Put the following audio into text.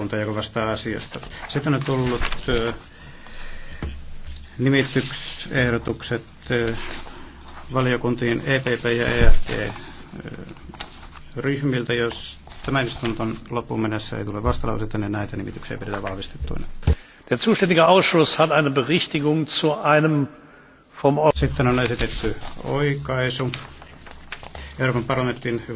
kunta, joka vastaa asiasta. Sitten on tullut nimityksehdotukset valiokuntiin EPP ja EFT ryhmiltä, jos tämän istunton loppuun mennessä ei tule vastalauseita, niin näitä nimityksiä pidetään vahvistettuina. Der zuständige Ausschuss hat eine Berichtigung zu einem vom Sitten on esitetty oikaisu Euroopan parlamentin